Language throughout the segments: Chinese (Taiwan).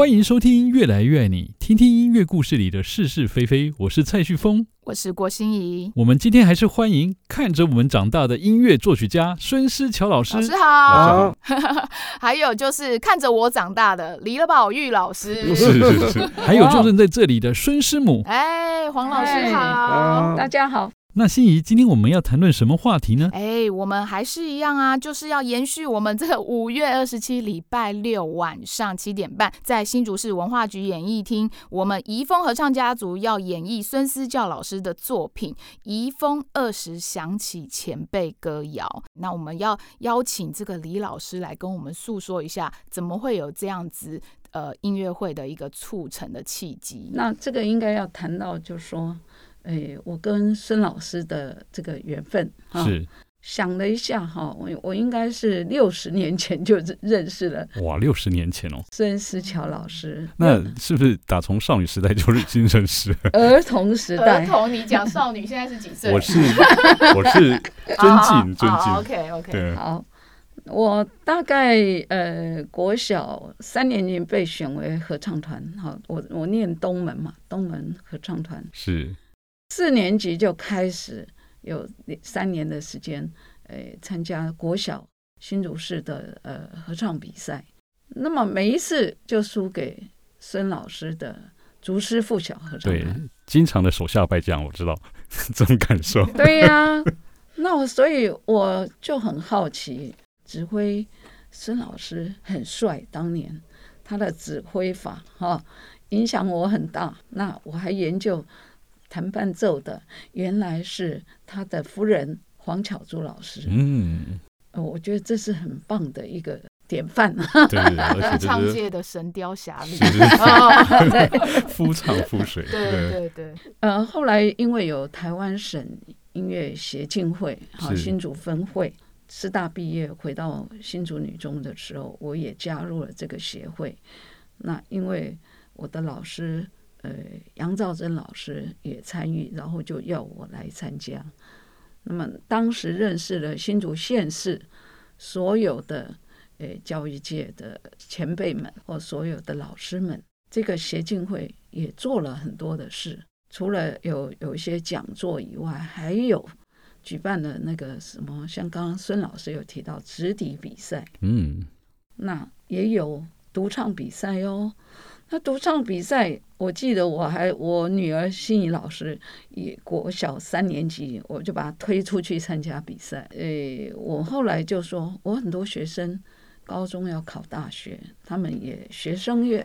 歡迎收聽《樂來越愛你》，聽聽音樂故事裡的是是非非。我是蔡旭峰，我是郭心怡。我們今天還是歡迎看着我們長大的音樂作曲家孫思嶠老師，老師好。還有就是看着我長大的李寶鈺老師，是，是是是。哇還有就是在這裡的孫師母，哎，黃老師好，啊、大家好。那心怡，今天我們要談論什麼話題呢？哎，我們還是一樣啊，就是要延續我們這個五月二十七禮拜六晚上七點半，在新竹市文化局演藝廳，我們怡風合唱家族要演繹孫思嶠老師的作品《怡風二十響起前輩歌謠》。那我們要邀請這個李老師來跟我們訴說一下，怎麼會有這樣子呃音樂會的一個促成的契機？那這個應該要談到，就是說，哎、欸，我跟孫老師的這個緣分哈，啊、是想了一下哈，我我應該是六十年前就認識了。哇，六十年前哦，孫思嶠老師，那，那是不是打從少女時代就是精神時？兒童時代，兒童，你講少女現在是幾歲？我是，我是尊敬、啊、尊敬。啊啊尊敬啊、OK OK，好，我大概呃，國小三年級被選為合唱團。好，我我念東門嘛，東門合唱團是。四年級就開始有三年的時間，誒、呃，參加國小新竹市的呃合唱比賽。那麼每一次就輸給孫老師的竹師附小合唱。對，經常的手下敗將，我知道這種感受。 對呀、啊，那我所以我就很好奇，指揮孫老師很帥，當年他的指揮法哈、哦，影響我很大。那我還研究。彈伴奏的原來是他的夫人黃巧珠老師，嗯、呃，我覺得這是很棒的一個典範、啊，對、啊， 唱界的神雕俠侶，夫唱婦隨，對，對對對，呃，後來因為有台灣省音樂協進會好是新竹分會。師大畢業回到新竹女中的時候，我也加入了這個協會。那因為我的老師。呃，楊兆珍老師也參與，然後就要我來參加。那麼當時認識了新竹縣市所有的呃教育界的前輩們或所有的老師們，這個協進會也做了很多的事。除了有有一些講座以外，還有舉辦了那個什麼，像剛剛孫老師有提到直笛比賽，嗯，那也有獨唱比賽哦。那獨唱比賽，我記得我還我女兒心怡老師也國小三年級，我就把她推出去參加比賽。誒，我後來就說，我很多學生高中要考大學，他們也學聲樂，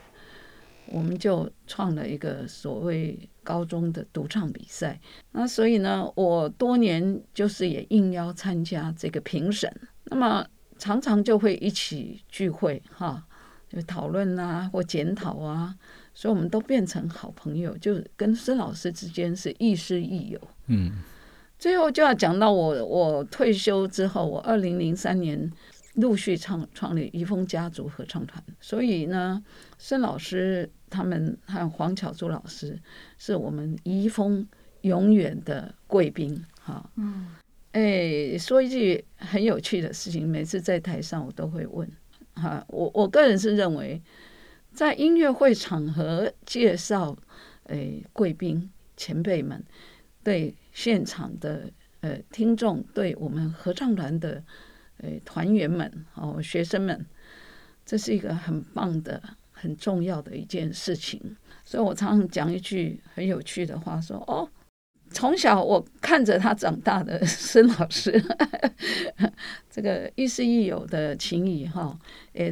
我們就創了一個所謂高中的獨唱比賽。那所以呢，我多年就是也應邀參加這個評審，那麼常常就會一起聚會哈。就討論啊，或檢討啊，所以我們都變成好朋友，就跟孫老師之間是亦師亦友。嗯，最後就要講到我，我退休之後，我二零零三年陸續創創立怡豐家族合唱團，所以呢，孫老師他們還有黃巧珠老師，是我們怡豐永遠的貴賓。哈、嗯，嗯、啊哎，說一句很有趣的事情，每次在台上我都會問。哈、啊，我我個人是認為，在音樂會場合介紹誒貴賓前輩們，對現場的呃聽眾，對我們合唱團的誒團員們哦學生們，這是一個很棒的、很重要的一件事情。所以我常常講一句很有趣的話，說哦。從小我看着他長大的孫老師，呵呵，這個亦師亦友的情誼哈，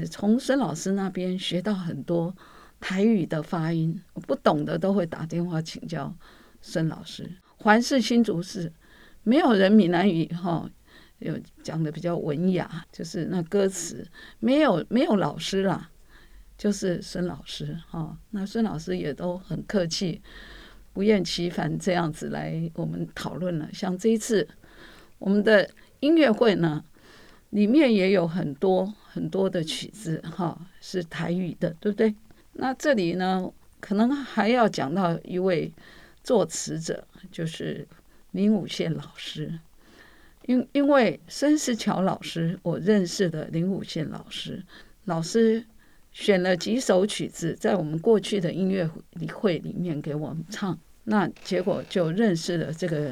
從孫老師那邊學到很多台語的發音，我不懂的都會打電話請教孫老師。環視新竹市，沒有人閩南語哈，有講的比較文雅，就是那歌詞，沒有沒有老師啦，就是孫老師哈，那孫老師也都很客氣。不厭其煩這樣子來我們討論了，像這一次我們的音樂會呢，裡面也有很多很多的曲子哈，是台語的，對不對？那這裡呢，可能還要講到一位作詞者，就是林武憲老師，因因為孫思嶠老師，我認識的林武憲老師，老師。選了幾首曲子，在我們過去的音樂會裡面給我們唱，那結果就認識了這個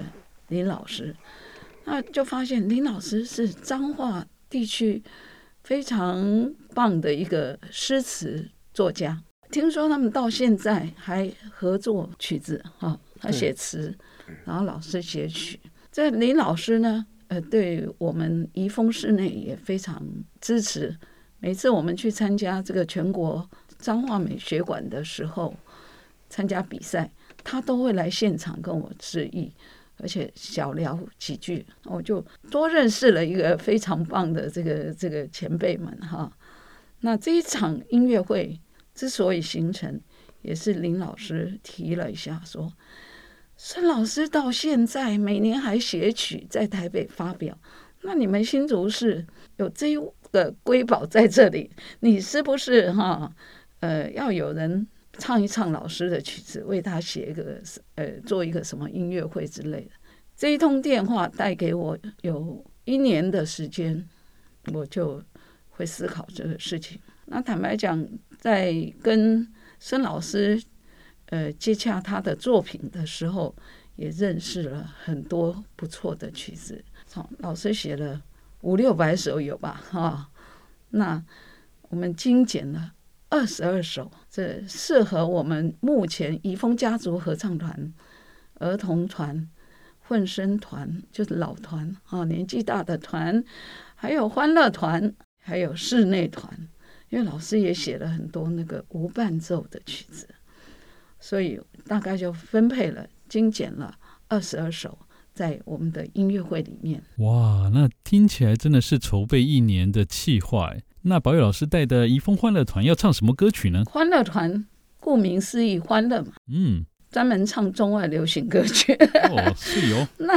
林老師，那就發現林老師是彰化地區非常棒的一個詩詞作家。聽說他們到現在還合作曲子啊、哦，他寫詞，然後老師寫曲。這林老師呢，呃，對我們宜豐室內也非常支持。每次我們去參加這個全國彰化美學館的時候，參加比賽，他都會來現場跟我致意，而且小聊幾句，我就多認識了一個非常棒的這個這個前輩們哈。那這一場音樂會之所以形成，也是林老師提了一下說，孫老師到現在每年還寫曲在台北發表，那你們新竹市有這一。的瑰寶在這裡，你是不是哈、啊？呃，要有人唱一唱老師的曲子，為他寫一個，呃，做一個什麼音樂會之類的。這一通電話帶給我有一年的時間，我就會思考這個事情。那坦白講，在跟孫老師呃接洽他的作品的時候，也認識了很多不錯的曲子。好、啊，老師寫了。五六百首有吧，哈，那我們精簡了二十二首，這適合我們目前怡風家族合唱團、兒童團、混聲團，就是老團啊，年紀大的團，還有歡樂團，還有室內團。因為老師也寫了很多那個無伴奏的曲子，所以大概就分配了，精簡了二十二首。在我們的音樂會裡面，哇，那聽起來真的是籌備一年的計劃、欸。那寶鈺老師帶的怡風歡樂團要唱什麼歌曲呢？歡樂團顧名思義歡樂嘛，嗯，專門唱中外流行歌曲。哦，是哦。 那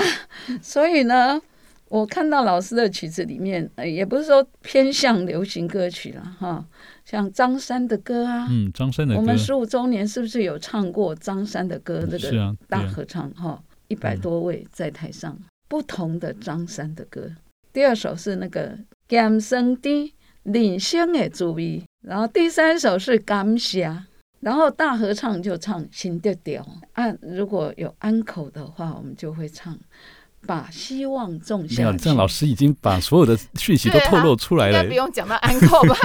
所以呢，我看到老師的曲子裡面，呃，也不是說偏向流行歌曲了哈，哦，像張三的歌啊，嗯，張三的歌，我們十五周年是不是有唱過張三的歌？那、嗯啊啊、個大合唱哈。哦一百多位在台上，班不同的張三的歌。第二首是那個《江聲地，人生也注意，然後第三首是《感謝。然後大合唱就唱《新調調》啊，按，如果有安可的話，我們就會唱。把希望種下。沒有，鄭老師已經把所有的訊息都透露出來了，應該不用講到 uncle 吧？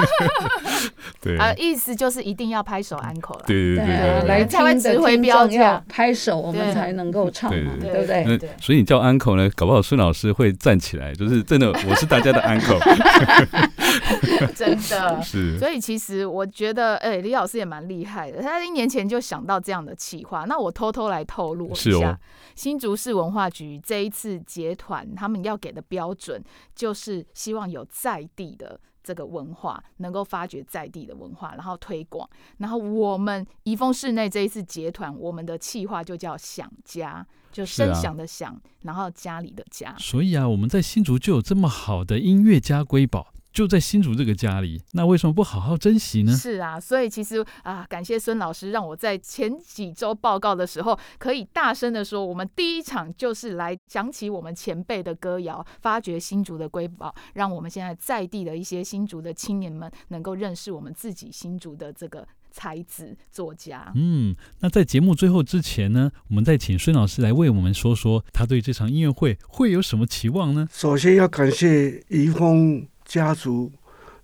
對啊，意思就是一定要拍手 uncle 了。對對對啊，來指揮標調，拍手，我們才能夠唱嘛，對不對？所以你叫 uncle 呢，搞不好孫老師會站起來，就是真的，我是大家的 uncle。真的，是。所以其實我覺得，哎，李老師也蠻厲害的，他在一年前就想到這樣的企劃。那我偷偷來透露一下，新竹市文化局這一次。結團，他們要給的標準就是希望有在地的這個文化，能夠發掘在地的文化，然後推廣。然後我們宜豐室內這一次結團，我們的企劃就叫“想家”，就聲響的響，啊、然後家裡的家。所以啊，我們在新竹就有這麼好的音樂家瑰寶。就在新竹這個家裡，那為什麼不好好珍惜呢？是啊，所以其實啊，感謝孫老師讓我在前幾周報告的時候，可以大聲地說，我們第一場就是來響起我們前輩的歌謠，發掘新竹的瑰寶，讓我們現在在地的一些新竹的青年們，能夠認識我們自己新竹的這個才子作家。嗯，那在節目最後之前呢，我們再請孫老師來為我們說說他對這場音樂會會有什麼期望呢？首先要感謝旭峰。家族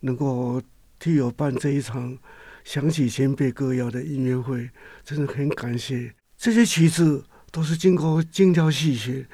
能夠替我辦這一場響起前輩歌謠的音樂會，真的很感謝。這些曲子都是經過精挑細選，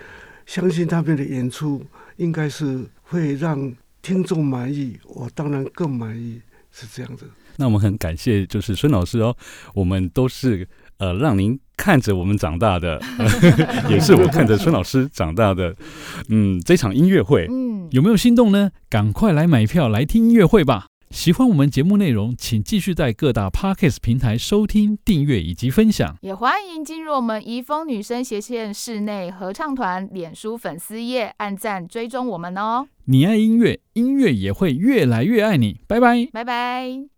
相信他們的演出應該是會讓聽眾滿意，我當然更滿意，是這樣子。那我們很感謝，就是孫老師哦，我們都是。呃，讓您看着我們長大的， 也是我看着孫老師長大的， 嗯，這場音樂會，嗯，有沒有心動呢？趕快來買票來聽音樂會吧！喜歡我們節目內容，請繼續在各大 podcast 平台收聽、訂閱以及分享。也歡迎進入我們怡風女聲斜線室內合唱團臉書粉絲頁，按讚追蹤我們哦。你愛音樂，音樂也會越來越愛你。拜拜，拜拜。